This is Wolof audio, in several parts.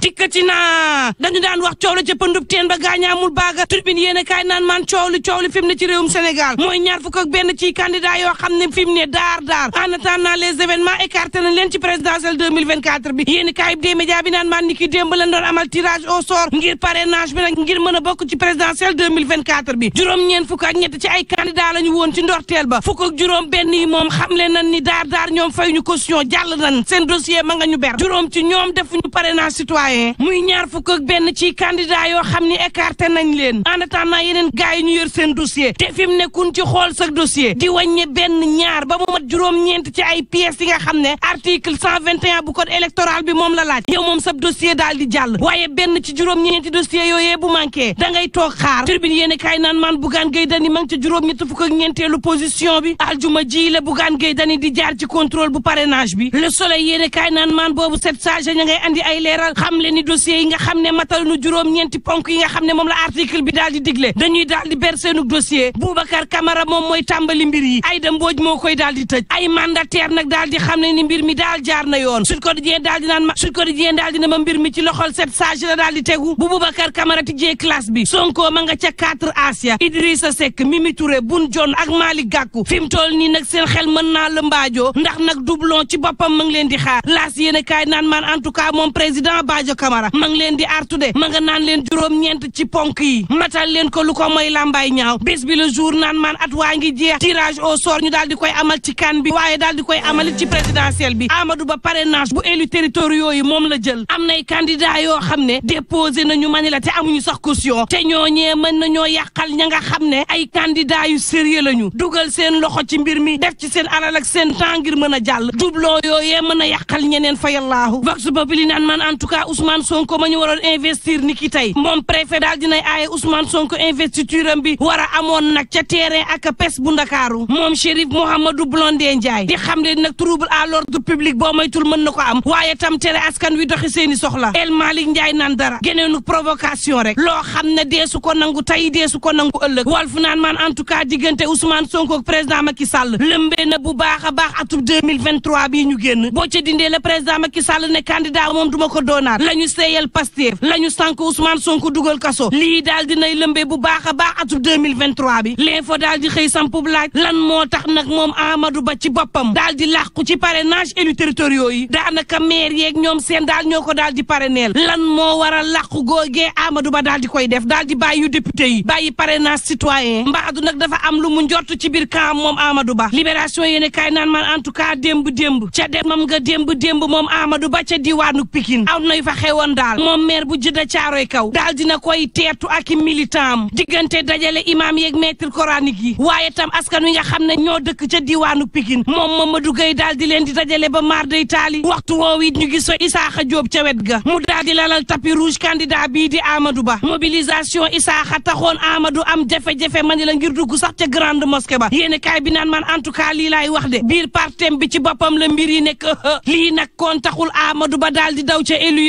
dikkati naa dañu daan wax coow la ca pëndub ba gaañaamul baaga turbine yéen a kaay naan maan coow li coow li fi ne ci réewum Sénégal mooy ñaar fukk benn ci candidat yoo xam ne fi ne daar daar en attendant les événements écarté nañ leen ci présidentielle bi yéen a kaay naan maan ni démb lañ doon amal tirage au sort ngir parrainage bi nag ngir mën a bokk ci présidentielle bi juróom-ñeent fukk ak ci ay candidat la woon ci ndorteel citoyen muy ñaar fukk benn ci candidat yoo xam ni écarté nañ leen en attendant yeneen gars yi ñu yor seen dossier te fi mu ci xool sa dossier di wàññe benn ñaar ba mu mat juróom-ñeent ci ay pièces yi nga xam ne article 121 bu code électoral bi moom la laaj yow moom sab dossier daal di jàll waaye benn ci juróom-ñeenti dossier yooyee bu manqué da ngay toog xaar tribune yéen kaay naan maan Bougane Gueye Dany ma ci juróom-ñett fukk ak ñeenteelu position bi aljuma ji la Bougane Gueye ci contrôle bu parrainage bi le soleil yéen kaay naan maan boobu sept ña ngay andi ay leeral xam le ni dossiers yi nga xam ne matal nu juróom-ñeenti ponk yi nga xam ne moom la article bi daal di digle dañuy daal di ber seenug dossier Boubacar moom mooy tàmbali mbir yi Aïda Mbodj moo koy daal di tëj ay mandataire nag daal di xam ne ni mbir mi daal jaar na yoon Sud Quotidien daal di naan ma mbir mi ci loxol sept sages daal di tegu bu Boubacar Camara tijjee classe bi Sonko ma nga ca 4 Asia Idrissa Seck Mimi Touré Boun Dionne ak Malick Gakou fi mu toll nii nag seen xel mën naa la mbaajoo a Sadio Camara ma ngi leen di artu de ma nga naan leen juróom-ñeent ci ponk yi matal leen ko lu ko mooy làmbaay ñaaw bés bi le jour naan maan at waa ngi jeex tirage au sort ñu daal di koy amal ci kan bi waaye daal di koy amalit ci présidentielle bi Amadou Ba parrainage bu élu territoriaux yi moom la jël am nay candidat yoo xam ne déposé nañu mani la te amuñu sax caution te ñooñee mën nañoo yàqal ña nga xam ne ay candidat yu sérieux lañu dugal seen loxo ci mbir mi def ci seen alal ak seen temps ngir mën a jàll doublon yooyee mën a yàqal ñeneen Ousmane Sonko ma ñu waroon investir ni ki tey moom préfet daal dinay aaye Ousmane Sonko investiture am bi war a amoon nag ca terrain ak pes bu ndakaaru moom Chérif Mouhamadou Blondin Ndiaye di xam ne nag trouble à l'ordre public boo moytul mën na ko am waaye tam tere askan wi doxi seeni soxla El Malick Ndiaye naan dara geneenu provocation rek loo xam ne deesu ko nangu tey deesu ko nangu ëllëg Walf naan man en tout cas diggante Ousmane Sonko ak président Macky Sall lëmbee na baax a baax atub 2023 bii ñu génn boo ca dindee la président Macky Sall ne candidat moom duma ko la ñu seeyal Pastef la ñu sànk Ousmane Sonko dugal kaso lii daal nay lëmbee bu baax a baax atub 2023 bi l'info daal di xëy sampub laaj lan moo tax nag moom Amadou Ba ci boppam daal di làqu ci parrainage élus territoriaux yi daanaka maire yeeg ñoom seen daal ñoo ko daal di parrainel lan moo waral làqu googee Amadou Ba daal di koy def daal di bàyyi yu député yi bàyyi parrainage citoyen mbaadu nag dafa am lu mu njort ci biir camp moom Amadou Ba libération yéene kaay naan man en tout cas démb démb ca demam nga démb démb moom Amadou Ba ca diwaanu li fa xewoon daal moom maire bu jidda caaroy kaw daal dina koy teetu ak i militant am diggante dajale imaam yeeg maître coranique yi waaye tam askan wi nga xam ne ñoo dëkk ca diwaanu Pikine moom Mamadou Gueye daal di leen di dajale ba maar day taali waxtu woowu it ñu gis so Isaaxa Diop ca wet ga mu daal di lalal tapis rouge candidat bii di Amadou Ba mobilisation Isaaxa taxoon Amadou am jafe-jafe ma ni la ngir dugg sax ca grande mosquée ba yéen kaay bi naan man en tout cas lii laay wax de biir partem bi ci boppam la mbir yi nekk lii nag kon taxul Amadou Ba daal di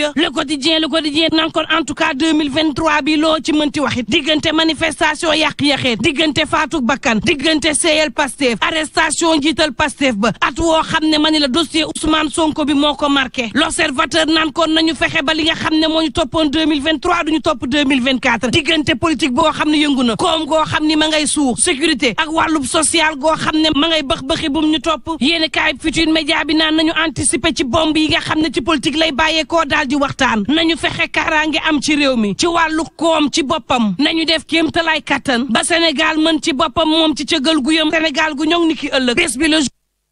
ya le quotidien le quotidien nan kon en tout cas 2023 bi loo ci mënti waxit diggante manifestation yàq-yaxeet diggante faatu bakkan diggante seeyal Pastef arrestation njiital Pastef ba at woo xam ne ma ni la dossier Ousmane Sonko bi moo ko marqué l'observateur nan kon nañu fexe ba li nga xam ne moo ñu toppoon 2023 duñu topp 2024 diggante politique boo xam ne yëngu na koom goo xam ni ma ngay suux sécurité ak wàllub social goo xam ne ma ngay bëx bëxi bum ñu topp yéeni kaayib futur média bi naan nañu anticiper ci bomb yi nga xam ne ci politique lay bàyyeekoo daal ji waxtaan ñu fexe kaaraange am ci réew mi ci wàllu koom ci boppam nañu def kéemtalaay kattan ba Sénégal mën ci boppam moom ci cëgal guyam Sénégal gu ñoŋ ni ki ëllëg bés bi la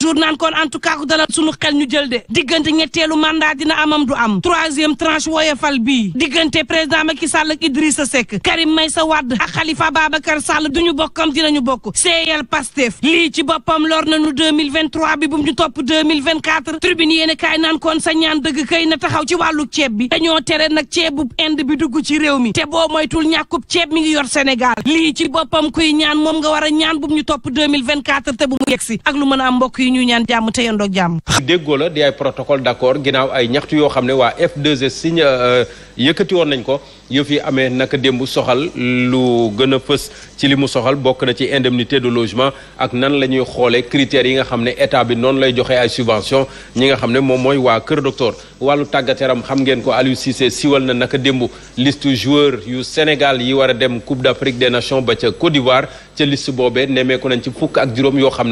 jour naan kon en tout cas ku dalal sunu xel ñu jël de diggante ñetteelu mandat dina amam du am troisième tranche woyefal bi diggante président Macky Sall ak Idrissa Seck Karim Meïssa Wade ak Khalifa Babacar Sall duñu bokkam dinañu bokk seeyal Pastef lii ci boppam lor nañu 2023 bi bu ñu topp 2024 tribune yéen kaay naan kon sa ñaan dëgg kay na taxaw ci wàllu ceeb bi dañoo tere nag ceebub Inde bi dugg ci réew mi te boo moytul ñàkkub ceeb mi ngi yor Sénégal lii ci boppam kuy ñaan moom nga war a ñaan bu ñu topp 2024 te bu mu yegsi ak lu mbokk yi di ñu ñaan jàmm te yendoo jàmm. déggoo la di ay protocole d'accord ginnaaw ay ñaxtu yoo xam ne waa f s signe euh, yëkkati woon nañ ko yëf fi amee naka démb soxal lu gën a fës ci li mu soxal bokk na ci indemnité de logement ak nan la ñuy xoolee critères yi nga xam ne état bi noonu lay joxe ay subvention ñi nga xam ne moom mooy waa Kër doctor wàllu tàggateeram xam ngeen ko Aliou Cissé siwal na naka démb list joueur yu Sénégal yi war a dem Coupe d'Afrique des Nations ba ca Côte ca liste boobee nemmeeku nañ ci fukk ak juróom yoo xam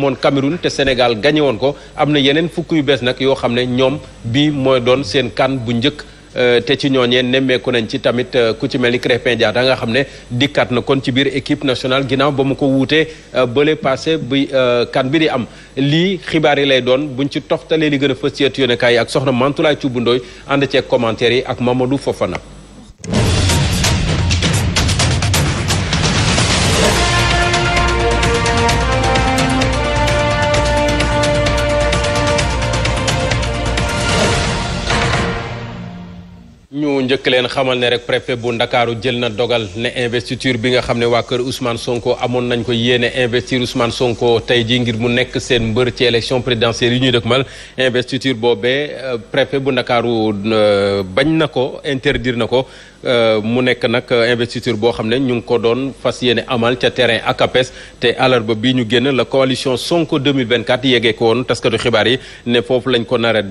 amoon Cameroun te Sénégal gagné ko am na yeneen fukk yu bees nag yoo xam ne ñoom bii mooy doon seen kan bu njëkk euh, te ci ñooñee nemmeeku nañ ci tamit euh, ku ci mel ni Crépin Diatta nga xam ne dikkaat na kon ci biir équipe nationale ginnaaw ba mu ko wuutee euh, bële passé bi kan bi di am lii xibaar yi lay doon buñ ci toftalee li gën a fës ci yéenekaay yi ak soxna Mantoulaye Thioub Ndoye ànd ceeg commentaire yi ak Mamadou Fofana ñu njëkk leen xamal ne rek préfet bu ndakaaru jël na dogal ne investiture bi nga xam ne waa kër Ousmane Sonko amoon nañ ko yéene investir Ousmane Sonko tey jii ngir mu nekk seen mbër ci élection présidentielle yu ñuy dëkkmal investiture boobee euh, préfet bu ndakaaru euh, bañ na ko interdire na ko Euh, mu nekk nag investiture boo xam ne ñu ngi ko doon fas yéene amal ca terrain ACAPES te àllarba bii ñu génn la coalition Sonko 2024 yeggee ko woon taskatu xibaar yi ne foofu lañ ko nar a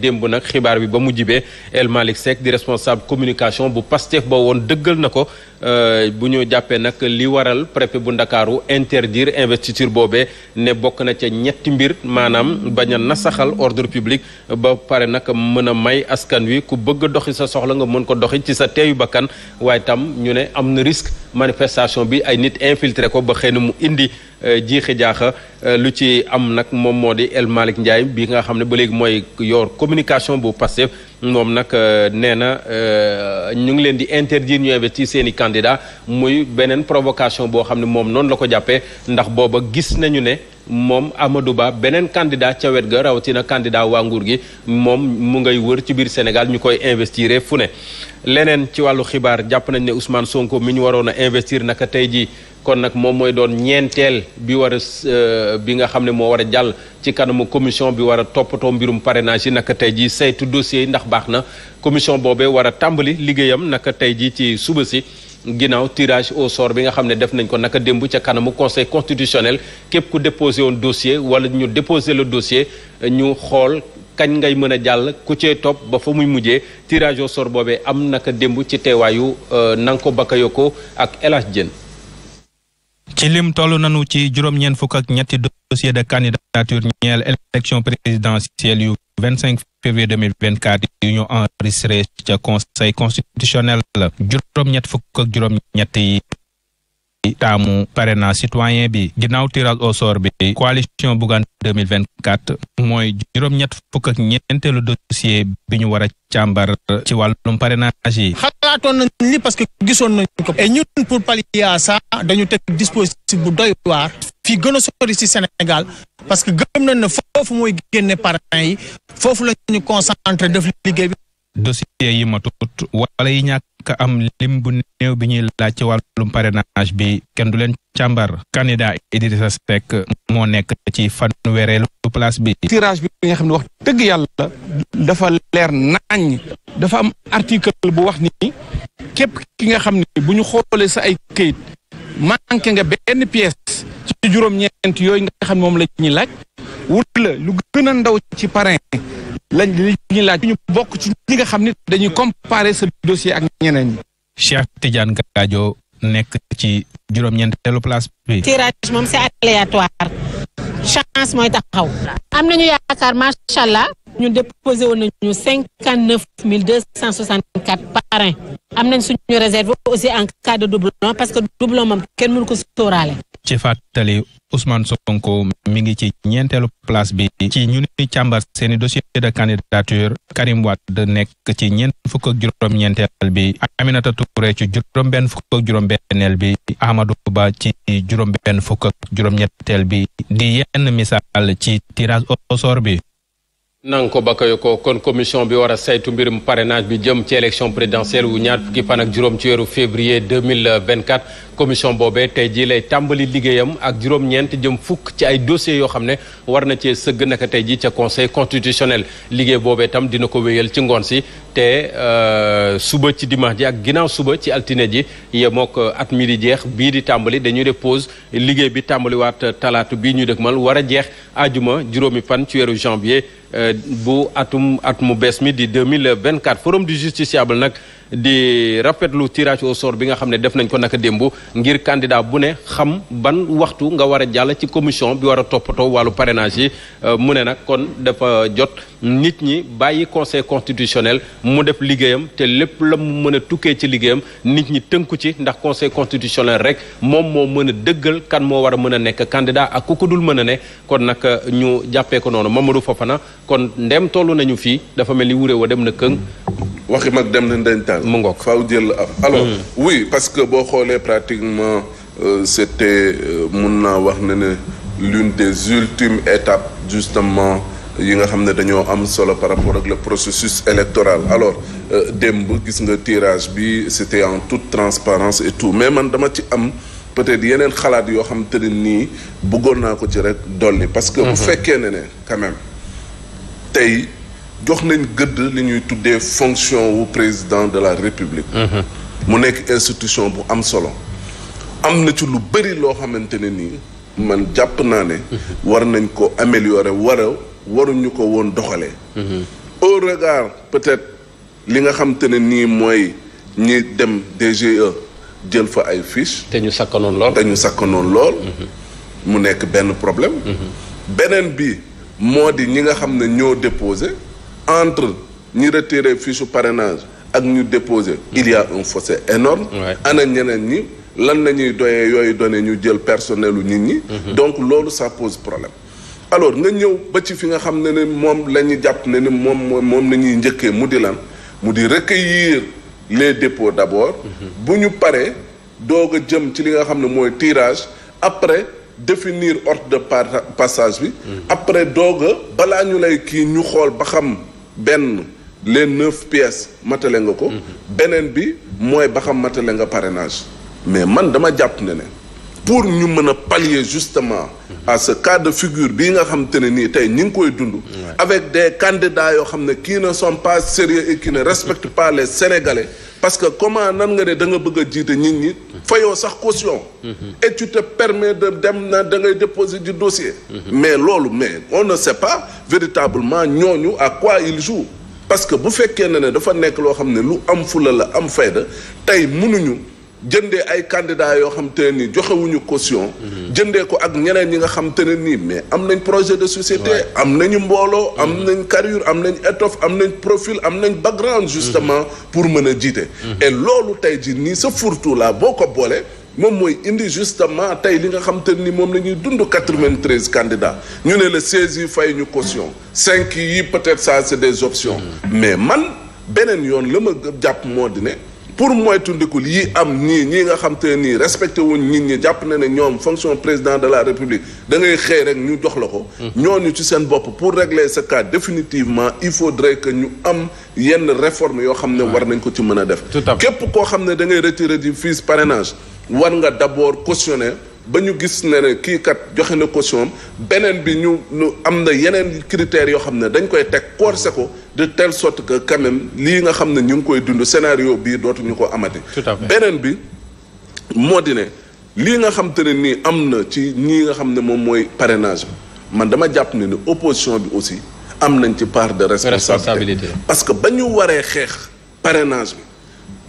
démb nag xibaar bi ba mu jibee El Malick Seck di responsable communication bu Pastef ba woon dëggal na ko euh, bu ñu jàppee nag li waral préfet bu Ndakaaru interdire investiture boobee ne bokk na ca ñetti mbir maanaam bañ a nasaxal ordre public ba pare nag mën a may askan wi ku bëgg doxi sa soxla nga mën ko doxi suñuy bakkan waaye tam ñu ne am na risque manifestation bi ay nit infiltré ko ba xëy na mu indi euh, jiixi jaaxa euh, lu ci am nag moom moo di El Malick Ndiaye bi nga xam ne ba léegi mooy yor communication bu Pastef moom nag euh, nee na euh, ñu ngi leen di interdire ñu investir seen i candidat muy beneen provocation boo xam ne moom noonu la ko jàppee ndax booba gis nañu ne moom Amadou Ba beneen candidat ca wet ga rawatina candidat waa nguur gi moom mu ngay wër ci biir Sénégal ñu koy investir fu ne leneen ci wàllu xibaar jàpp nañ ne Ousmane Sonko mi ñu waroon a investir naka tey jii kon nag moom mooy doon ñeenteel bi war a euh, bi nga xam ne moo war a jàll ci kanamu commission bi war a toppatoo mbirum parrainage si naka tey jii saytu dossier ndax baax na commission boobe war a tàmbali liggéeyam naka tey jii ci suba si ginnaaw tirage au sort bi nga xam ne def nañ ko naka démb ca kanamu conseil constitutionnel képp ku déposé woon dossier wala ñu déposé la dossier ñu xool kañ ngay mën a jàll ku cee topp ba fa muy mujjee tirage au sort boobee am naka démb ci teewaayu euh, Nanko Bakayoko ak El Hadj ci lim toll nañu ci juróom-ñeent fukk ak ñetti dossier de candidature ñeel élection présidentielle yu 25 février 2024 yu ñu enregistré ca conseil constitutionnel juróom-ñett fukk ak juróom-ñett yi taamu parrainage citoyen bi ginnaaw tirage au sort bi coalition Bougane mooy juróom-ñett fukk ak ñeenteelu dossier bi ñu a càmbar ci wàllum parrainage yi xalaatoon nañ li parce que gisoon nañ ko et ñun pour pallier dañu teg dispositif bu doy waar fii gën a ci Sénégal parce que gëm nañ foofu mooy génne parrain yi foofu la ñu def liggéey bi dossier yi matut wala yi ñàkk ka am lim bu néew bi ñuy laaj ci wàllum parrainage bi kenn du leen càmbar candidat Idrissa Seck moo nekk ci fanweereelu place bi. tirage bi nga xam ne wax dëgg yàlla dafa leer nañ dafa am article bu wax ni képp ki nga xam ne bu ñu xoolee sa ay këyit manqué nga benn pièce ci juróom-ñeent yooyu nga xam ne moom la laaj wut la lu gën a ndaw ci parrain. lañ li ñu laaj ñu bokk ci ñi nga xam ne dañuy comparer ce dossier ak ñeneen ñi. Cheikh Tidiane nekk ci juróom-ñeenteelu place bi. tirage moom c'est aléatoire chance mooy taxaw. am nañu yaakaar macha allah ñu déposé woon nañu cinquante neuf mille deux cent soixante quatre parrain am nañ suñu réserve aussi en cas de doublon parce que doublon moom kenn mënu ko sóoraale. ci fàttali Ousmane Sonko mi ngi ci ñeenteelu place bi ci ñu ni càmbar seeni dossier de candidature Karim Wade nekk ci ñeent fukk ak juróom bi Aminata Touré ci benn fukk ak juróom-benneel bi Amadou Ba ci juróom-benn fukk ak juróom bi di yenn misaal ci tirage au sort bi. nang ko bakayo ko kon commission bi war a saytu mbirum parrainage bi jëm ci élection présidentielle wu ñaar fukki pan ak juróom ci weeru février 2024 commission boobee tey jii lay tàmbali liggéeyam ak juróom-ñeent jëm fukk ci ay dossiers yoo xam ne war na cee sëgg naka tey jii ca conseil constitutionnel liggéey boobee tam dina ko wéyal ci ngoon si te euh, suba ci dimanche ji ak ginnaaw suba ci altine ji yemook euh, at mi di jeex bii di tàmbali dañuy def pause liggéey bi tàmbaliwaat talaatu bii ñu dëkkmal war a jeex ajuma juróomi fan ci weeru janvier Euh, bu atum at mu bees mi di 2024 forum du justiciable nag di rafetlu tirage au sort bi nga xam ne def nañ ko naka démb ngir candidat bu ne xam ban waxtu nga war a jàll ci commission bi war a toppatoo wàllu parrainage yi euh, mu ne nag kon dafa jot nit ñi bàyyi conseil constitutionnel mu def liggéeyam te lépp la mu mën a tukkee ci liggéeyam nit ñi tënku ci ndax conseil constitutionnel rek moom moo mën a dëggal kan moo war a mën a nekk candidat ak ku ko dul mën a ne kon nag euh, ñu jàppee ko noonu Mamadou Fofana kon ndem toll nañu fii dafa mel ni wuré wa dem na këng waxi mag dem na ndentaan mu ngoog faaw jël am alors hmm. oui parce que boo xoolee pratiquement euh, c'était euh, mun naa wax ne ne l'une des ultimes étapes justement yi nga xam ne dañoo am solo par rapport ak le processus électoral alors euh, démb gis nga tirage bi c'était en toute transparence et tout mais man dama ci am peut-être yeneen xalaat yoo xam ne nii bëggoon naa ko ci rek dolli parce que bu mhm. fekkee ne ne quand tey jox nañ gëdd li ñuy tuddee fonction wu président de la république mhm. mu nekk institution bu am solo am na ci lu bëri loo xamante ne nii man jàpp naa ne mhm. war nañ ko améliorer war a waruñu ko woon doxalee. au regard peut-être li nga xam te ne nii mooy ñi dem DGE jël fa ay fiche te ñu sakkanoon lool te ñu sakkanoon lool. Mhm. mu nekk benn problème. Mhm. beneen bi moo di ñi nga xam ne ñoo déposé entre ñi retiré fiche parrainage ak ñu déposé. Mhm. il y a un fossé énorme ana ñeneen ñi lan la ñuy doyee yooyu données ñu jël personnel u nit ñi. donc loolu ça pose problème. alors nga ñëw ba ci fi nga xam ne ne moom la ñu jàpp ne ne moom moom la ñuy njëkkee mu di lan mu di recueillir les dépôts d'abord. Mhm. bu ñu paree doog a jëm ci li nga xam ne mooy tirage après définir ordre de part passage bi. Mhm. après doog a balaa ñu lay kii ñu xool ba xam benn. lee neuf pièces matale nga ko. Mhm. beneen bi mooy ba xam matale nga parenage mais man dama jàpp ne ne. pour ñu mën a pallier justement à ce cas de figure bii nga xam te ne nii tey ñi ngi koy dund avec des candidats yoo xam ne kii ne some pas sérieux et qui ne respectent pas parce que comment nan nga ne danga nga bëgg a jiite nit ñi fayoo sax caution mhm. et tu te de dem na da ngay déposer du dossier mhm. mais loolu mais on ne sait pas véritablement ñooñu à quoi ils jour parce que bu fekkee ne ne dafa nekk loo xam ne lu am fula la am fayda tey mënuñu jëndee ay candidats yoo xam te ne nii joxewuñu caution. Mhm. jëndee ko ak ñeneen ñi nga xam te ne nii mais am nañ projet de société. am nañu mbooloo am mhm. nañ carrure am nañ étoffe am nañ profile am nañ background. justement mhm. pour mën a jiite. loolu tey ji nii sa fourre-tout la boo ko boolee. moom mooy indi justement tey li nga xam te nii moom la ñuy dund 93 candidats ñu ne la 16 yi fay ñu caution cinq yi peut-être ça c'est des options. mais man beneen yoon la ma jàpp moo di pour moytundiku yi am ñii ñii nga xam te ne nii respecté wuñ nit ñi jàpp na ne ñoom fonction président de la république dangay ngay xëy ñu jox la ko. Mm. ñoo ñu ci seen bopp pour régler ce cas définitivement il faudrait que ñu am yenn réforme yoo xam ne war nañ ko ci mën a def. képp koo xam ne da ngay retirer di fiche parrainage war nga d' abord cautionner. ba ñu gis ne ne kii kat joxe na caution beneen bi ñu am na yeneen critères yoo xam ne dañ koy teg corsé ko. de telle sorte que quand lii nga xam ne ñu ngi koy dund scénario bii dootuñu ko amati. beneen bi moo di ne lii nga xam te ne nii am na ci ñii nga xam ne moom mooy parrainage man dama jàpp ne ni opposition bi aussi am nañ ci part de responsabilité parce que ba ñu waree xeex parrainage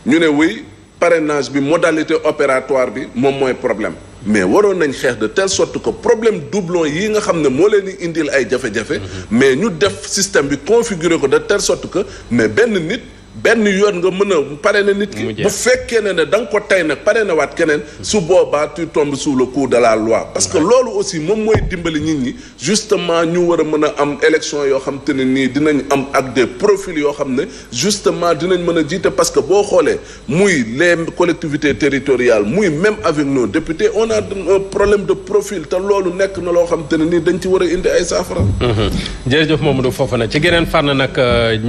bi ñu ne oui parenage bi modalité opératoire bi moom mooy problème mais waroon nañ xeex de telle sorte ko problème doublon yi nga xam ne moo leen di indil ay jafe-jafe mm-hmm. mais ñu def système bi configurer ko de telle sorte que mais benn nit benn yoon nga mën a pare na nit ki bu fekkee ne ne da nga ko tey nag pare na waat keneen su boobaa tu tombes sous le coup de la loi parce que loolu aussi moom mooy dimbali nit ñi justement ñu war a mën a am élection yoo xam ne nii dinañ am ak des profils yoo xam ne justement dinañ mën a jiite parce que boo xoolee muy les collectivités territoriales muy même avec nos députés on a un problème de profil te loolu nekk na loo xam te ne nii dañ ci war a indi ay saafara mmh. jërëjëf Mamadou Fofana ci geneen fànn nag euh,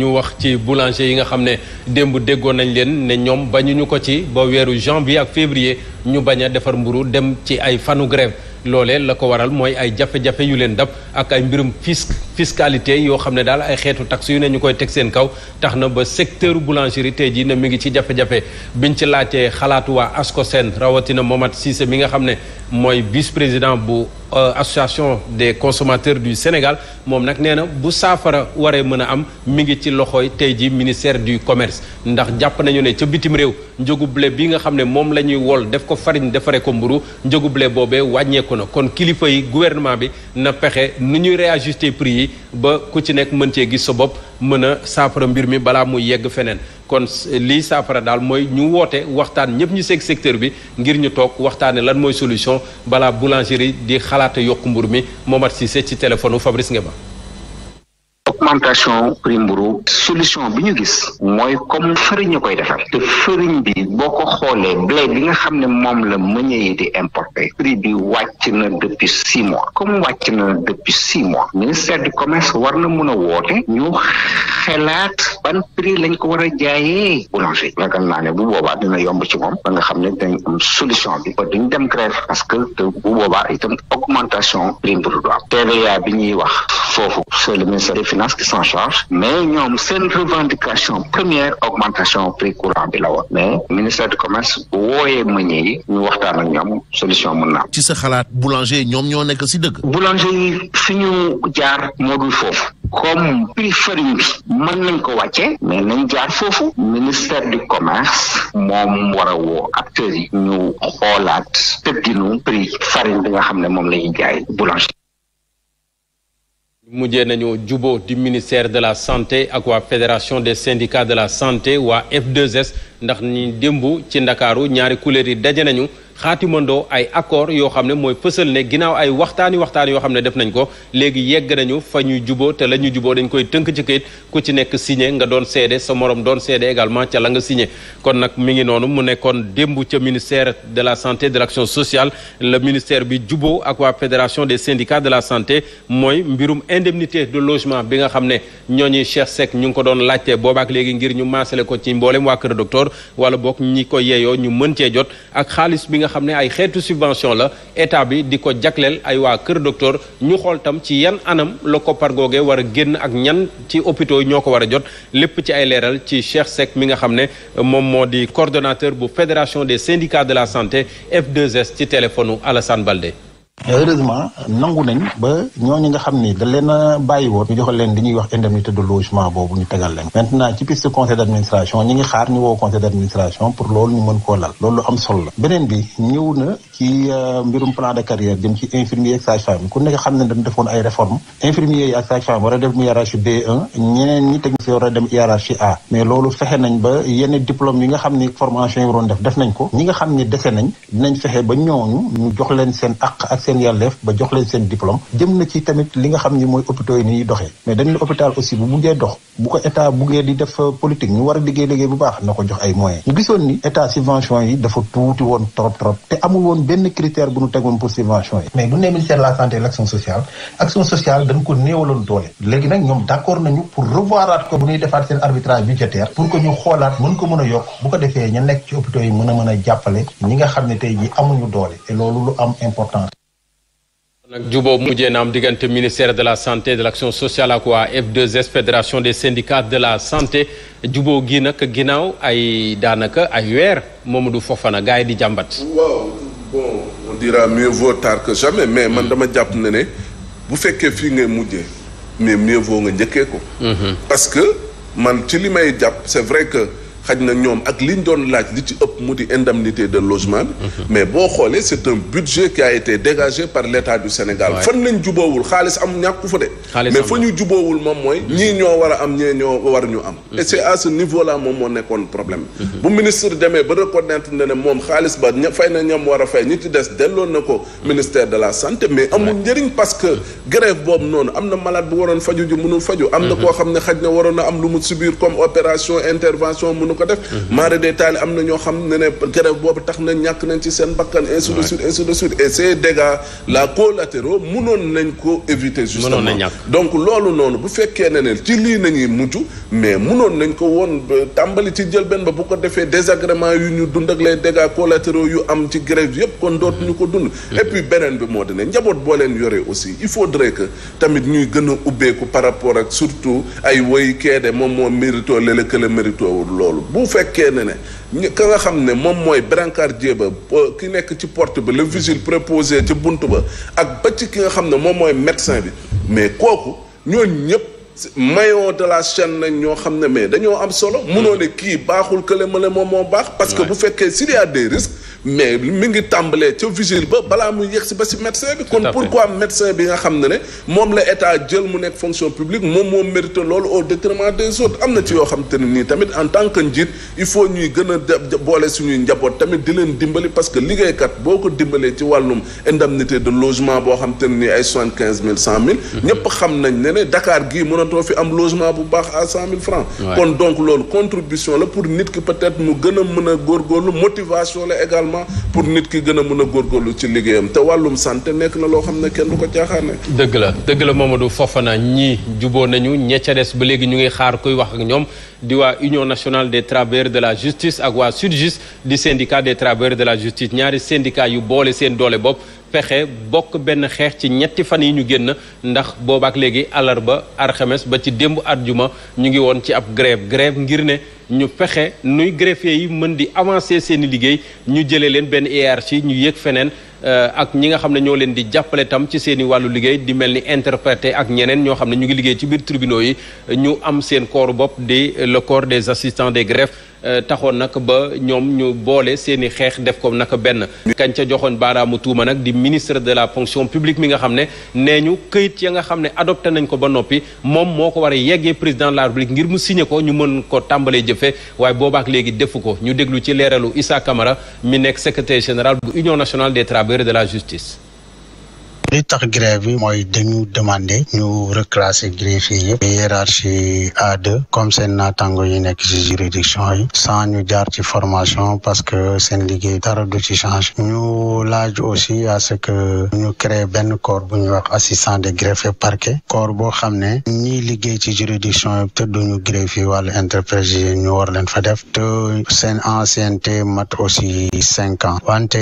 yi nga xam ne démb déggoon nañ leen ne ñoom bañuñu ko ci ba weeru janvier ak février ñu bañ a defar mburu dem ci ay fanu grève loolee la ko waral mooy ay jafe-jafe yu leen dab ak ay mbirum fisc fiscalité yoo xam ne daal ay xeetu taxe yu ne ñu koy teg seen kaw tax na ba secteur boulangerie tey jii ne mi ngi ci jafe-jafe biñ ci laajtee xalaatu waa ASCOSEN rawatina si se mi nga xam ne mooy vice président bu euh, association des consommateurs du Sénégal moom nag nee na bu saafara waree mën a am mi ngi ci loxooy tey jii ministère du commerce ndax jàpp nañu ne ca bitim réew njëgu blé nga xam ne moom la ñuy wol def ko farine defaree ko mburu njëgu na kon kilifa yi gouvernement bi na pexe nu ñuy réajuster prix yi ba ku ci nekk mën cee gis sa bopp mën a saafara mbir mi balaa muy yegg feneen kon lii saafara daal mooy ñu woote waxtaan ñëpp ñu seeg secteur bi ngir ñu toog waxtaane lan mooy solution balaa boulangerie di xalaata yokk mbur mi Momar Cissé ci téléphone u Fabrice Ngeba augmentation prix mburu solution bi ñu gis mooy comme fëriñ ñu koy defar te fëriñ bi boo ko xoolee blé bi nga xam ne moom la meññee yi di importer prix bi wàcc na depuis six mois comme wàcc na depuis six mois ministère du commerce war na mën a woote ñu xelaat ban prix lañ ko war a jaayee boulanger yaakaar naa ne bu boobaa dina yomb ci moom ba nga xam ne dañ solution bi ba duñ dem grève parce que bu boobaa itam augmentation prix mburu du am TVA bi ñuy wax foofu c'est le ministère qui s'en mais ñoom seen revendication première augmentation prix courant bi la woon mais ministère du commerce bu wooyee meññee yi ñu waxtaan ak ñoom solution mën naa ci sa xalaat boulanger ñoom ñoo nekk si dëgg. boulanger yi fi ñu jaar moo dul foofu. comme prix farine bi man nañ ko wàcce mais nañ jaar foofu ministère du commerce moom war a woo acteurs yi ñu xoolaat tëddinu prix farine bi nga xam ne moom la ñuy jaay boulanger mujje nañu jubóo di ministère de la santé ak wa fédération des syndicats de la santé waa F2S ndax ñi démb ci ndakaaru ñaari kuréel yi daje nañu. xaatimandoo ay accord yoo xam ne mooy fësal ne ginnaaw ay waxtaani waxtaan yoo xam ne def nañ ko léegi yegg nañu fa ñuy juboo te la ñuy juboo dañ koy tënk ci kayit ku ci nekk signe nga doon seede sa moroom doon seede également ca la nga signé kon nag mi ngi noonu mu nekkoon démb ca ministère de la santé de l'action sociale le ministère bi juboo ak waa fédération de syndicats de la santé mooy mbirum indemnité de logement bi nga xam ne ñooñu Cheikh Seck ñu ngi ko doon laajte boobaak léegi ngir ñu maasale ko ci mboolem waa kër docteur wala boog ñi ko yeeyoo ñu mën cee jot nga xam ne ay xeetu subvention la état bi di ko jagleel ay waa Kër Docteur ñu xool tam ci yan anam la koppar googee war a génn ak ñan ci hôpitaux yi ñoo ko war a jot lépp ci ay leeral ci Cheikh Seck mi nga xam ne moom moo di coordonnateur bu fédération des syndicats de la santé f 2 ci téléphone Alassane Baldé heureusement nangu nañ ba ñooñu nga xam ni da leen a bàyyi woon ñu jox leen li ñuy wax indemnité de boobu ñu tegal leen maintenant ci piste conseil d' administration ñi ngi xaar ñu woo conseil d' administration pour loolu ñu mën koo lal loolu am solo la beneen bi ñëw na ci euh, mbirum plan de carrière jëm ci infirmier ak sage-femme ku nekk xam ne dañu defoon ay réforme infirmier yi ak sage-femme war a dem hiérarchie B1 ñeneen ñi technicien a dem hiérarchie A mais loolu fexe nañ ba yenn diplôme yi nga xam ni formation yi waroon def def nañ ko ñi nga xam ni dese nañ dinañ fexe ba ñooñu ñu jox leen seen aq ak seen yàlleef ba jox leen seen diplôme jëm na ci tamit li nga xam ni mooy hôpitaux yi ni ñuy doxee mais dañ ne hôpital aussi bu buggee dox bu ko euh, a liggéey liggéey bu baax na ko jox ay moyens ñu gisoon ni état subvention yi dafa tuuti woon trop trop te amul woon benn critère bu ñu tegoon pour subvention yi mais bu ne ministère de la santé et l'action sociale action sociale dañ ko néewaloon doole léegi nag ñoom d'accord nañu pour revoiraat ko bu ñuy defaat seen arbitrage budgétaire pour que ñu xoolaat mën ko mën a yokk bu ko defee ñu nekk a mën a jàppale ne tey ji doole te loolu lu am nag juboo mujjee na am diggante ministère de la santé de l' action sociale ak waa F2S fédération des syndicats de la santé jubo gi nag ginnaaw ay daanaka ay weer moom du Fofana gars yi di jàmbat. waaw bon mais man mm. dama jàpp ne ne bu fekkee fii ngay mujjee mais mieux nga njëkkee ko. Mm-hmm. parce que man ci li may jàpp c' est vrai que. xaj na ñoom ak liñ doon laaj li ci ëpp mu di indemnité de logement mhm. mais boo xoolee c'est un budget qui a été dégagé Sénégal fan lañ juboowul xaalis am ñàkku fa de mais fa ñu juboowul moom mooy mhm. ñii ñoo war a am ñii ñoo war ñu am mhm. et à ce niveau moom moo nekkoon problème bu ministre demee ba reconnaître ne ne moom xaalis ba ña fay na ñam war a fay ñi ci des delloon na ko ministère de la santé mais amul njëriñ parce que grève boobu noonu am na malaat bu waroon faju ji mënul faju am na koo xam ne xaj na waroon a am lu mu subir comme opération intervention mënu ko def mara des taali am na ñoo xam ne ne grève boobu tax na ñàkk nañ ci seen bakkan ainsi de suite ainsi de suite et ces dégâts la collatéraux munoon nañ ko éviter justement donc loolu noonu bu fekkee ne ne ci lii nañuy mujj mais munoon nañ ko woon tàmbali ci jël benn ba bu ko defee désagrément yu ñu dund ak les dégâts collatéraux yu am ci grève yëpp kon dootuñu ko dund et beneen bi moo di ne njaboot boo leen yoree aussi il faudrait que tamit ñuy gën a ubbeeku par rapport ak surtout ay woy keede moom moo mérito léeg-léeg que le mérito loolu bu fekkee ne ne ka nga xam ne moom mooy brancardier ba euh, ki nekk ci porte ba le vigile préposé ci bunt ba ak ba ci ki nga xam ne moom mooy médecin bi mais kooku ñooñ ñëpp. maillon de la chaîne lañ ñoo xam ne mais dañoo am solo. mënoo hmm. ne kii baaxul kële mële moom moo baax. parce bu fekkee s'il y a des risques. mais mi ngi tàmbalee ca vigile ba balaa muy yegg si ba si médecin bi. kon pourquoi médecin bi nga xam ne ne moom la état jël mu nekk fonction publique moom moo mérité loolu au détriment des autres am na ci yoo xam te ne nii tamit en tant que njiit il faut ñuy gën a boole suñuy njaboot tamit di leen dimbali parce que liggéeykat boo ko dimbalee ci wàllum indemnité de logement boo xam ne nii ay soixante quinze mille mille. Hmm. ñëpp xam dootoo fi am logement bu baax à cent mille francs kon donc loolu contribution la pour nit ki peut-être mu gën a mën a góorgóorlu motivation la également pour nit ki gën a mën a góorgóorlu ci liggéeyam te wàllum santé nekk na loo xam ne kenn du ko caaxaane dëgg la dëgg la Mamadou naa ñi juboo nañu ña ca des ba léegi ñu ngi xaar kuy wax ak ñoom di waa Union nationale des travailleurs de la justice ak waa SUDJUST di syndicat des travailleurs de la justice ñaari syndicat yu boole seen doole bopp fexe bokk benn xeex ci ñetti fan yi ñu génn ndax ak léegi àllarba arxames ba ci démb àjjuma ñu ngi woon ci ab grève grève ngir ne ñu fexe nuy greffier yi mën di avancer seen i liggéey ñu jëlee leen benn hiérarchie ñu yéeg feneen Euh, ak ñi nga xam ne ñoo leen di jàppale tam ci seeni wàllu liggéey di mel ni interprété ak ñeneen ñoo xam ne ñu ngi liggéey ci biir tribunaux yi ñu am seen corps bopp di le corps des assistants des greffes euh, taxoon nag ba ñoom ñu boole seen i xeex def ko naka benn kañ ca joxoon baaraamu tuuma nag di ministre de la fonction publique mi nga xam ne nee ñu këyit ya nga xam ne adopté nañ ko ba noppi moom moo ko war a yeggee président de la république ngir mu signé ko ñu mën ko tàmbalee jëfe waaye boobaak léegi defu ko ñu déglu ci leeralu Issa Camara mi nekk secrétaire général bu union nationale de la justice li tax grève bi mooy dañu demander ñu reclasser greffier yëpp hiérarchie A2 comme seen naataango yi nekk ci juridiction yi sans ñu jaar ci formation parce que seen liggéey dara du ci change ñu laaj aussi à ce que ñu créer benn corps bu ñuy wax assistant de greffier parquet corps boo xam ne ñiy liggéey ci juridiction te te duñu greffier wala interprète ñu war leen fa def te seen ancienneté mat aussi cinq ans wante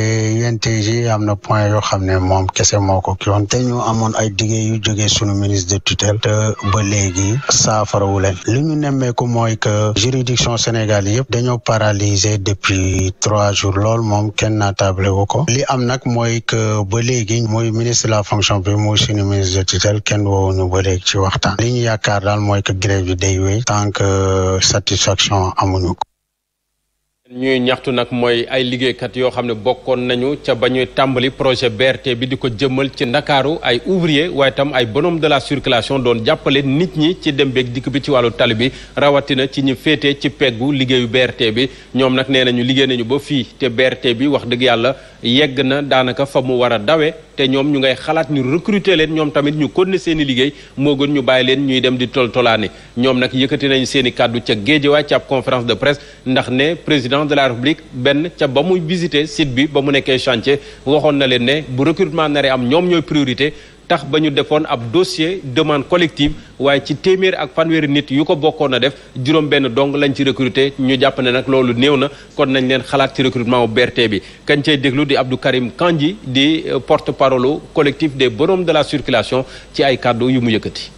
ji am na point yoo xam ne moom kese moo ak yoon te ñu amoon ay dige yu jógee suñu ministre de tutelle ba léegi saafarawu leen li ñu nemmeeku mooy que juridiction Sénégal yëpp dañoo paraliser depuis trois jours lool moom kenn naatable wu ko li am nag mooy que ba léegi muy ministre de la fonction publique muy suñu ministre de tutelle kenn woowuñu ba léegi ci waxtaan li ñu yaakaar daal mooy que grève bi day wéy tant que satisfaction amuñu ko ñuy ñaxtu nag mooy ay liggéeykat yoo xam ne bokkoon nañu ca ba ñuy tàmbali projet BRT bi di ko jëmmal ci ndakaaru ay ouvrier waaye tam ay bonhomme de la circulation doon jàppale nit ñi ci dem beeg dikk bi ci wàllu tali bi rawatina ci ñi féete ci peggu liggéeyu beerte bi ñoom nag nee ñu liggéey nañu ba fii te BRT bi wax dëgg yàlla yegg na daanaka fa mu war a dawe te ñoom ñu ngay xalaat ñu recruter leen ñoom tamit ñu konn seeni liggéey moo gën ñu bàyyi leen ñuy dem di tol tolaane ñoom nag yëkkati nañu seen i kàddu ca Géejawaay ci ab conférence de presse président de la république benn ca ba muy visiter site bi ba mu nekkee chantier waxoon na leen ne bu recrutement naree am ñoom ñooy priorité tax ba ñu defoon ab dossier demande collective waaye ci téeméer ak fanweeri nit yu ko bokkoon a def juróom benn dong lañ ci recruter ñu jàpp ne nag loolu néew na kon nañ leen xalaat ci recrutement bu BRT bi kañ cay déglu di Abdou Karim Kandji di euh, porte parole collectif de bonhommes de la circulation ci ay kàddu yu mu yëkkati.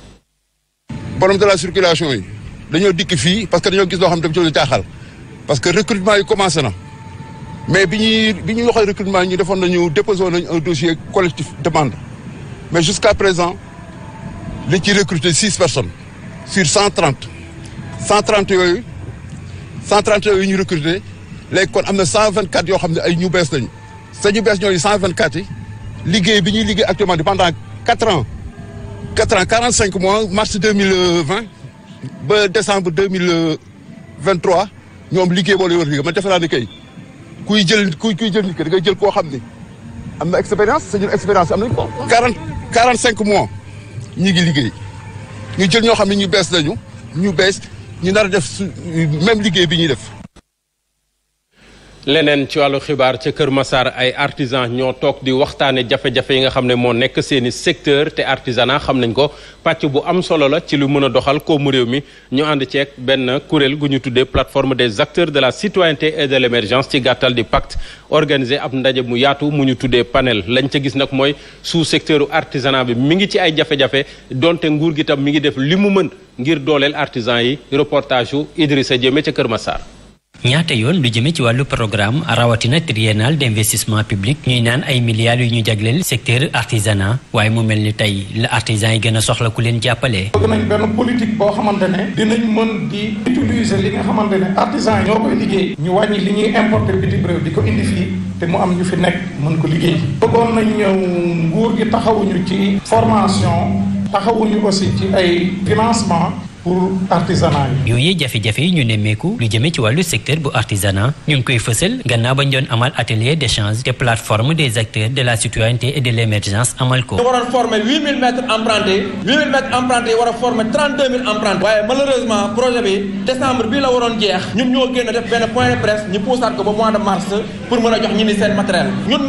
bonhommes de la circulation yi dañoo dikk fii parce que dañoo gis loo xam ne ci caaxal. parce que recrutement yi commencé na mais bi ñuy bi ñuy waxee recrutement yi ñu defoon nañu déposé nañu un dossier collectif demande mais jusqu'à présent dañ ciy recruter six personnes sur cent trente cent trente yooyu cent trente yooyu ñu recruter léegi kon am na cent vingt quatre yoo xam ne ay ñu bees lañu sa ñu bees ñooyu cent vingt quatre yi liggéey bi ñuy liggéey actuellement pendant quatre ans quatre ans quarante cinq mois mars deux mille vingt ba décembre deux mille vingt trois ñoom liggéey moo lay war a man defe naa ne kay kuy jël kuy kuy jël nit ki da ngay jël koo xam ni am na expérience sa ñun expérience am nañ ko. quarante quarante cinq mois ñi ngi liggéey ñu jël ñoo xam ne ñu bees nañu ñu bees ñu nar a def même liggéey bi ñuy def. leneen ci wàllu xibaar ca Kër Massar ay artisan ñoo toog di waxtaane jafe-jafe yi nga xam ne moo nekk seeni secteur te artisanat xam nañ ko pàcc bu am solo la ci lu mën a doxal mu réew mi ñu ànd ceeg benn kuréel gu ñu tuddee plateforme des acteurs de la citoyenneté et de l'émergence ci gàttal di pacte organisé ab ndaje mu yaatu mu ñu tuddee panel lañ ca gis nag mooy sous secteur artisanat bi mi ngi ci ay jafe-jafe donte nguur gi tam mi ngi def li mu mën ngir dooleel artisan yi reportage yu Idrissa ca Kër Massar ñaata yoon lu jëme ci wàllu programme rawatina triennal d'investissement public ñuy naan ay milliards yu ñu jagleel secteur artisanat waaye mu mel ni tey la artisan yi gën a soxla ku leen jàppale. bëgg nañ benn politique boo xamante dinañ mën di utiliser li nga xamante artisan ñoo koy liggéey ñu wàññi li ñuy importer bitim réew di ko indi fii te mu am ñu fi nekk mën ko liggéey. bëggoon nañ ñëw nguur gi taxawuñu ci formation taxawuñu aussi ci pour jafe-jafe yi ñu nemmeeku lu jëmee ci wàllu secteur bu artisanat ñu koy fësal gannaaw ba ñu doon amal atelier d' échange te plateforme des acteurs de la citoyenneté et de l' amal ko. te waroon former mètres empruntés mètres empruntés war a former mille empruntés. waaye malheureusement projet bi décembre bii la waroon jeex. ñun ñoo génn def benn point de presse ñu puusaat ko ba mois de mars pour mën a jox ñu seen matériel ñun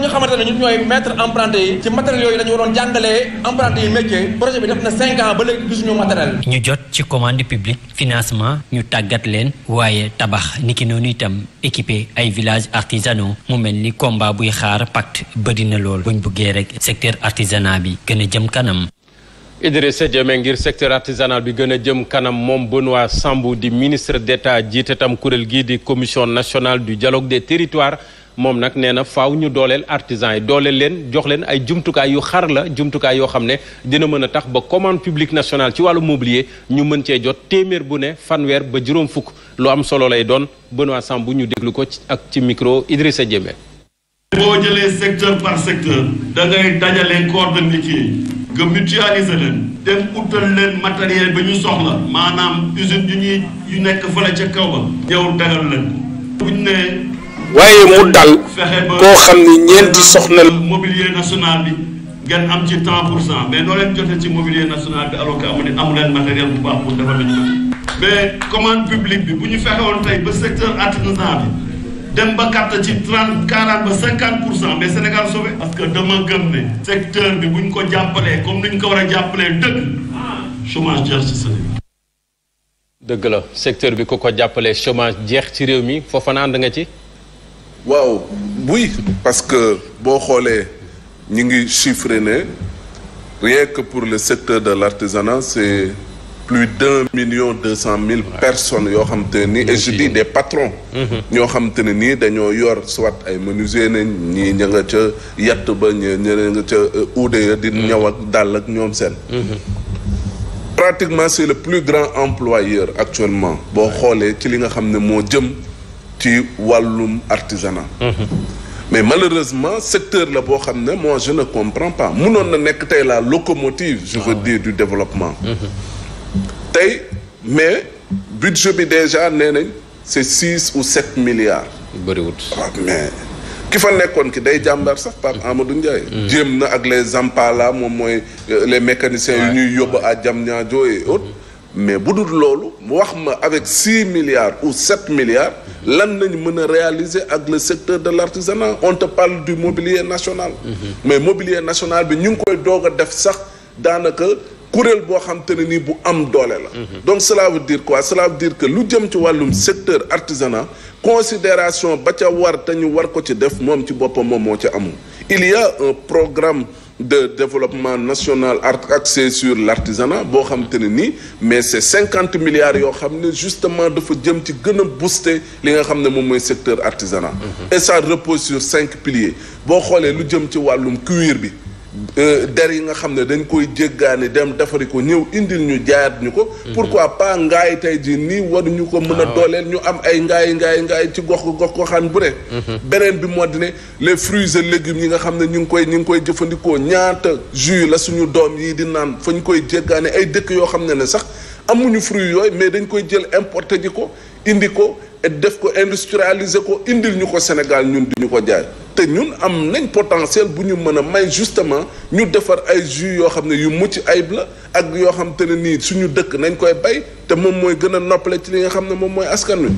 ñu waroon commande publique financement ñu tàggat leen waaye tabax niki noonu itam équipé ay villages artisanaux mu mel ni combat buy xaar pacte bëri na lool buñ buggee rek secteur artisanat bi gën jëm kanam. Idrissa Diémé ngir secteur artisanal bi gën a jëm kanam moom Benoît Sambou di ministre d'État jiite tam kuréel gii di commission nationale du dialogue des territoires. moom nag nee na faaw ñu dooleel artisans yi dooleel leen jox leen ay jumtukaay yu xar la jumtukaay yoo xam ne dina mën a tax ba commande publique nationale ci wàllu mobilier ñu mën cee jot téeméer bu ne fanweer ba juróom fukk lu am solo lay doon sam bu ñu déglu ko ak ci micro Idrissa Diémé. boo jëlee secteur par secteur da ngay dajale corps de métier nga mutualiser leen dem utal leen matériel bi ñu soxla maanaam usine yu ñuy nekk fële ca waaye mu dal koo xam ni ñeenti soxna la. mobilier national bi ngeen am ci 30 pour cent mais noo leen jotee ci mobilier national bi alors que amu ne amu leen bu baax pour defar lañ mais commande publique bi bu ñu fexe woon tey ba secteur artisanat bi dem ba carte ci 30 40 ba 50 pour cent mais Sénégal sauvé. parce que dama gëm ne. secteur bi bu ñu ko jàppalee comme ni ñu ko war a jàppalee dëgg chômage jeex ci Sénégal. dëgg la secteur bi ku ko jàppalee chômage jeex ci réew mi foofa da nga ci. waaw oui parce que boo xoolee ñi ngi chiffré ne rien que pour le secteur de l'artisanat c'est plus d'un million deux cent mille personnes yoo xam te ne nii des patrons mm-hmm. ñoo xam ne nii dañoo yor soit ay menuisier nañ ñii ña ca yatt ba ñe nga ca euh, uude ya di ñaw ak mm-hmm. dàll ak ñoom seen mm-hmm. pratiquement c'est le plus grand employeur actuellement boo xoolee ci li nga xam ne moo jëm ci wàllum artisanat. Mm-hmm. mais malheureusement secteur la boo xam ne moi je ne comprends pas munoon na nekk tey la locomotive je ah veux dire du développement mm-hmm. tey mais budget bi déjà nee nañ c'est six ou sept milliards bëriwut waaw ah, mais ki fa nekkoon ki day jàmbar sax Pape Amadou Ndiaye mm. Mm. jéem na ak les sampala moom mooy euh, les mécaniciens yu ñuy yóbbu à Diamniadio et autres mm-hmm. mais bu dul loolu mu wax ma avec six milliards ou sept milliards lan lañ mën a réaliser ak le secteur de l' artisanat on te parle du mobilier national mais mobilier national bi ñu ngi koy doog a def sax daanaka kuréel boo xam te ne nii bu am doole la donc cela veut dire quoi cela veut dire que lu jëm ci wàllum secteur artisanat considération ba ca war te ñu war ko ci def moom ci boppam moom moo ci amul il y a un programme de développement national axé sur l'artisanat boo xam te ne nii mais c'est cinquante milliards yoo xam ne justement dafa jëm ci gën a booster li nga xam ne moom mooy secteur artisanat mm-hmm. et ça repose sur cinq piliers boo xoolee lu jëm ci wàllum cuir bi Euh, der yi nga xam ne dañ koy jéggaani dem defari ko ñëw indil ñu jaayaat ñu ko mhm. pourquoi pas ngaay tey jii nii waruñu ko mën a ah dooleel ñu am ay ngaay ngaay ngaay ci gox gox ko xam bu ne mhm. beneen bi moo di ne les fruits et légumes yi nga xam ne ñu ngi koy ñu ngi koy jëfandikoo ñaata jus la suñu doom yi di naan fa ñu koy jéggaani ay dëkk yoo xam ne ne sax amuñu fruits yooyu mais dañ koy jël importe ji ko indi ko def ko industrialiser ko indil ñu ko Sénégal ñun di ko jaay te ñun am nañ potentiel bu ñu mën a may justement ñu defar ay jus yoo xam ne yu mucc ayib la ak yoo xam te ne nii suñu dëkk nañ koy bay te moom mooy gën a noppale ci li nga xam ne moom mooy askan wi.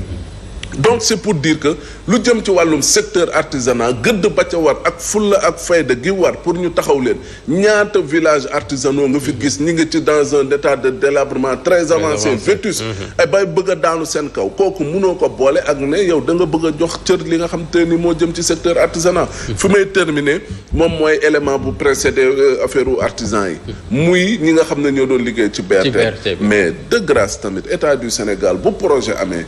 donc c'est pour dire que lu jëm ci wàllum secteur artisanat gëdd ba ca war ak fulla ak fayda gi war pour ñu taxaw leen ñaata village artisanaux nga fi gis ñi nga ci dans un état de délabrement très avancé vétuste ay mm-hmm. eh, bay bëgg daanu seen kaw kooku munoo ko boole ak ne yow da nga bëgg a jox cër li nga xam te ni moo jëm ci secteur artisanat mm-hmm. fi may terminer moom mooy élément bu précédé euh, affaire u artisan yi mm-hmm. muy ñi nga xam ne ñoo doon liggéey ci BRT mais de grâce tamit état du Sénégal bu projet amee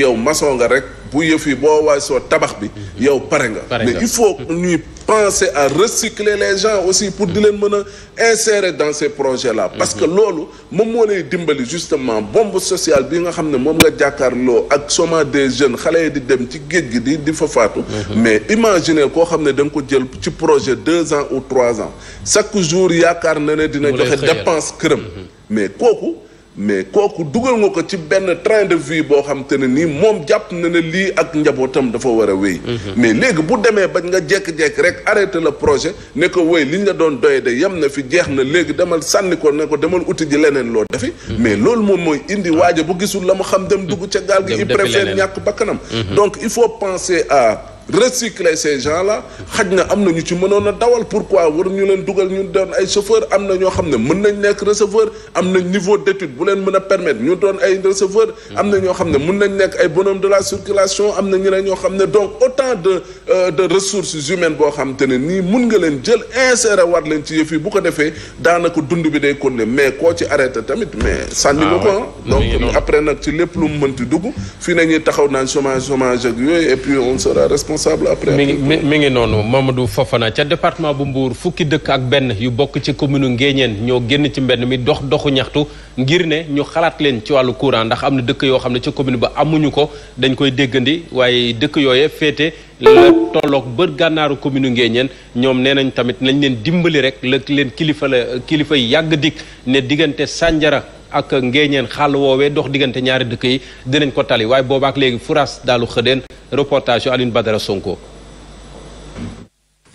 yow maçon nga rek bu yëf yi boo waay soo tabax bi yow pare nga mais il faut ñuy penser à recycler les gens aussi pour di leen mën a insérer dans ces projets là parce que mhm. loolu moom moo lay dimbali justement bombe social bi nga xam ne moom nga jàkkaarloo ak chômage des jeunes xale yi di dem ci géej gi di di fa mhm. mais imagine koo xam ne da nga ko jël ci projet deux ans ou trois ans chaque jour yaakaar na ne dina joxe dépense këram mhm. mais kooku mais kooku dugal nga ko ci benn train de vie boo xam te ne nii moom jàpp na ne lii ak njabootam dafa war a wéy. Mhm. mais léegi bu demee bañ nga jékki-jékki rek arrêté le projet ne ko wéy li nga doon doye de yem na fi jeex na léegi demal sànni ko ne ko demal ut ji leneen loo defi. Mhm. mais loolu moom mooy indi waaja bu gisul la mu xam dem dugg ca gaal gi. dem def i préfère ñàkk bakkanam. Mhm. donc il faut penser à. recycler ces gens là xaj na am na ñu ci mënoon a dawal pourquoi war ñu leen dugal ñu doon ay chauffeur am na ñoo xam ne mën nañ nekk receveur am na niveau d' bu leen mën a permettre ñu doon ay receveur am na ñoo xam ne mun nañ nekk ay bonhomme de la circulation am na ñu ne ñoo xam ne donc autant de euh, de ressources humaines boo xam te ne nii mun nga leen jël insérer war leen ci yëf yi bu ko defee daanaka dund bi day continuer mais koo ci arrêté tamit mais sànni nga ah ko ah. donc après nag ci lépp lu mu mënti dugg fii nañuy taxaw naan chômage chômage ak yooyu et responsable après. mi ngi mi ngi noonu Mamadou Fofana ca département bu mbuur fukki dëkk ak benn yu bokk ci commune Ngéeñeen ñoo génn ci mbenn mi dox doxu ñaxtu ngir ne ñu xalaat leen ci wàllu courant ndax am na dëkk yoo xam ne ca commune ba amuñu ko dañ koy déggandi waaye dëkk yooye féete la tolloog bër gànnaaru commune Ngéeñeen ñoom nee nañ tamit nañ leen dimbali rek la leen kilifa la kilifa yi yàgg dikk ne diggante sànjara ak ngéeñeen xàll woowee dox diggante ñaari dëkk yi dinañ ko tali waaye boobaak léegi furaas daalu xëdeen reportage yu Alioune Badara Sonko.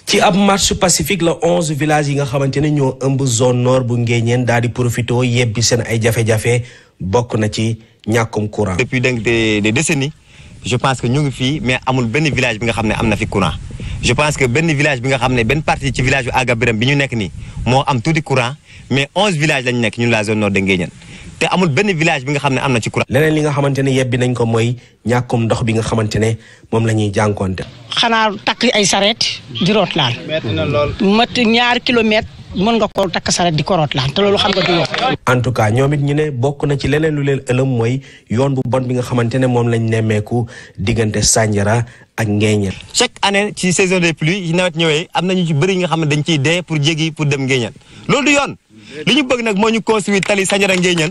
ci ab marche pacifique la onze villages yi nga xamante ne ñoo ëmb zone nord bu ngéeñeen daal di profito yebbi seen ay jafe-jafe bokk na ci ñàkkum courant. depuis donc des décennies je pense que ñu ngi fii mais amul benn village bi nga xam ne am na fi courant je pense que benn village bi nga xam ne benn partie ci village ñu nekk nii moo am tuuti mais onze villages lañu nekk ñun la zone nord te amul benn village bi nga xam ne am na ci courant. leneen li nga xamante ne yebbi nañ ko mooy ñàkkum ndox bi nga xamante ne moom la ñuy jànkoonte. xanaa takk ay sareet di root laal. mat ñaar kilomètre mën nga ko takk sareet di ko root laal xam nga du yoon. tout cas ñoom it ñu ne bokk na ci leneen lu leen ëlëm mooy yoon bu bon bi nga xamante ne moom lañ nemmeeku diggante Sandiara ak Ngéñal. chaque année ci saison des pluies yi nawet ñëwee am na ñu ci bëri nga xam ne dañ ciy dee pour jéggi pour dem Ngéñal loolu yoon. li ñu bëgg nag moo ñu construire tali Sandiara Nguéniène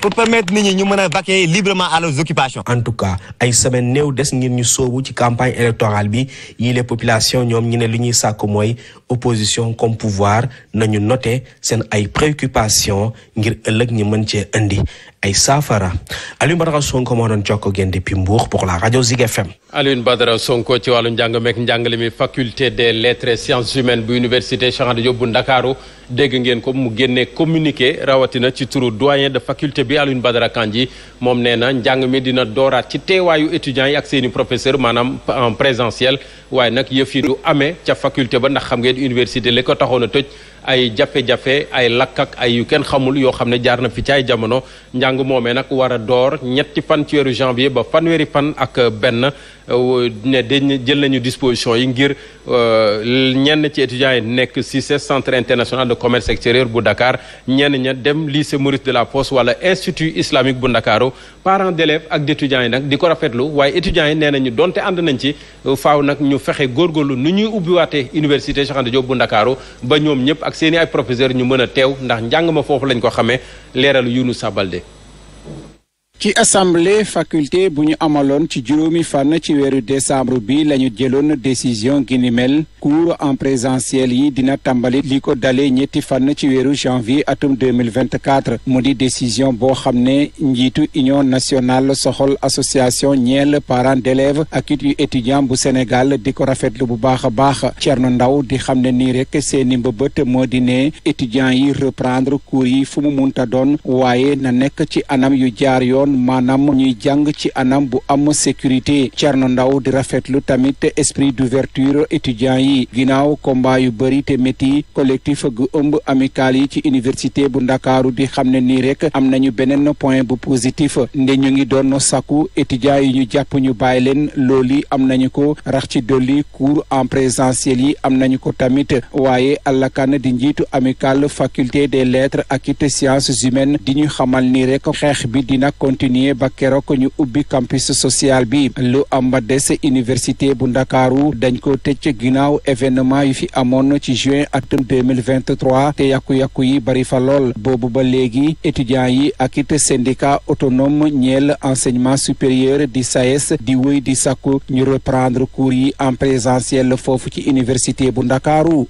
pour permettre nit ñi ñu mën a vaquer librement à leurs en tout cas ay semaine néew des ngir ñu sóobu ci campagne électorale bi yii les populations ñoom ñu ne li ñuy sàkk mooy opposition comme pouvoir nañu note seen ay préoccupations ngir ëllëg ñu mën cee indi ay saafara Alioune Badara Sonko moo doon jokkoo ngeen depuis Mbour pour la rajo Zik FM. Alioune Badara Sonko ci wàllu njàng meek njàngale mi faculté des lettres sciences humaines bu université Cheikh Anta Diop bu Ndakaaru dégg ngeen ko mu génnee communiqué rawatina ci turu doyen de faculté. bi Alioune Badara Kandji moom nee na njàng mi dina dooraat ci teewaayu étudiants yi ak seeni i professeur maanaam en présentiel waaye nag yëf yi du amee ca faculté ba ndax xam ngeen université li ko taxoon a tëj ay jafe-jafe ay lakk ak ay yu kenn xamul yoo xam ne jaar na fi ci ay jamono njàng moomee nag war a door ñetti fan ci weeru janvier ba fanweeri fan ak benn euh, ne dañ jël nañu disposition yi ngir euh, ñenn ci étudiants yi nekk ci ce centre international de commerce extérieur bu Dakar ñenn ña dem lycée la Delafosse wala institut islamique bu Ndakaaru parents d'élèves ak d'étudiants yi nag di ko rafetlu waaye étudiants yi nee nañu donte ànd nañ ci faaw nag ñu fexe góorgóorlu nu ñuy ubbiwaatee université Cheikh Anta bu Ndakaaru ba ñoom ñëpp ak seen i ay professeur ñu mën a teew ndax njàng ma foofu lañ ko xamee leeral Younoussa Baldé ci assemblée faculté bu ñu amaloon ci juróomi fànn ci weeru décembre bi lañu jëloon décision gi ni mel cours en présentiel yi dina tàmbali li ko dalee ñetti fànn ci weeru janvier atum 2024 mu di décision boo xam ne njiitu union nationale soxol association ñeel parents d'élèves ak it yu étudiants bu Sénégal di ko rafetlu bu baax a baax Thierno Ndaw di xam ne nii rek seeni mbëbët moo di ne étudiants yi reprendre cours yi fu mu munta doon waaye na nekk ci anam yu jaar yoon yoon maanaam ñuy jàng ci anam bu am sécurité Thierno Ndaw di rafetlu tamit esprit d'ouverture étudiants yi ginnaaw combat yu bëri te métti collectif gu ëmb amical yi ci université bu ndakaaru di xam ne nii rek am nañu beneen point bu positif nde ñu ngi doon sàkku étudiants yi ñu jàpp ñu bàyyi leen loolu am nañu ko rax ci dolli cours en présentiel yi am nañu ko tamit waaye àllakan di njiitu amical faculté des lettres ak it sciences humaines di ñu xamal continuer ba keroog ñu ubbi campus social bi lu am des université bu ndakaaru dañ ko tëj ginnaaw événement yi fi amoon ci juin atum 2023 te yàqu-yàqu yi bari fa lool boobu ba léegi étudiants yi ak it syndicat autonome ñeel enseignement supérieur di SAES di wéy di sàkku ñu reprendre cours yi en présentiel foofu ci université bu ndakaaru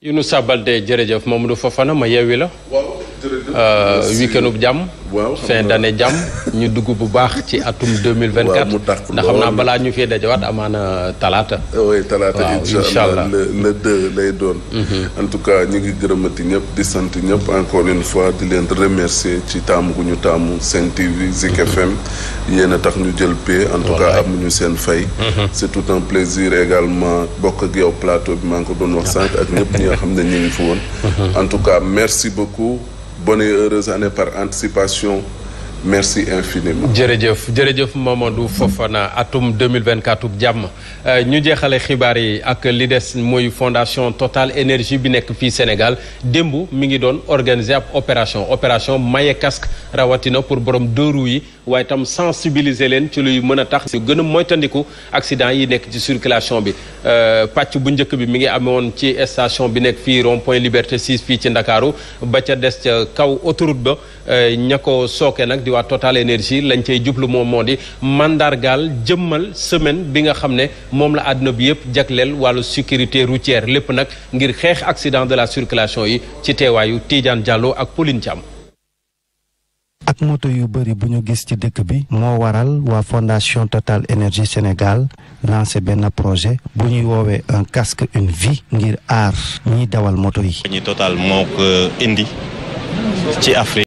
Younoussa Baldé jërëjëf Mamadou Fofana ma yeewi la Euh, week-end bu jàmm. fin d'année jàmm ñu dugg bu baax ci atum deux mille vingt quatre. ndax xam naa balaa ñu fee dajawaat amaana talaata. oui talaata incha allah la le deux lay doon. Mhm. en tout cas ñu ngi gërëmati ñëpp di sant ñëpp encore une fois di leen remercier ci taamu gu ñu taamu Sen TV Zik FM mhm. yéen a tax ñu jël paie. en tout cas amuñu seen fay. Mhm. c'est tout un plaisir également bokk ak yow plateau bi maa ngi doon wax sànq ak ñëpp ñi xam ne ñu fi woon. en tout cas merci beaucoup. bonne et heureuse année par anticipation merci infiniment jërëjëf jërëjëf Mamadou Fofana atum 2024 jàmm euh, ñu jeexale xibaar yi ak li des mooy fondation Total Énergie bi nekk fii Sénégal démb mi ngi doon organiser ab opération opération maye casque rawatina pour borom deux yi waaye itam sensibiliser leen ci luy mën a tax su gën a moytandiku accident yi nekk ci circulation bi euh, pàcc bu njëkk bi mi ngi amoon ci station bi nekk fii rond point Liberté 6 fii ci Ndakaaru ba ca des ca kaw autoroute ba Eh, ña ko sooke nag di waa Énergie lañ cay jublu moom moo di mandargaal jëmmal semaine bi nga xam ne moom la àdduna bi yëpp jagleel wàllu sécurité routière lépp nag ngir xeex accident de la circulation yi ci teewaayu Tidiane Diallo ak Pauline Thiam. ak moto yu bëri bu ñu gis ci dëkk bi moo waral waa fondation Total Énergie Sénégal lancé benn projet bu ñuy woowee un casque une vie ngir aar ñiy dawal moto yi. ñi Total moo ko indi ci Afrique.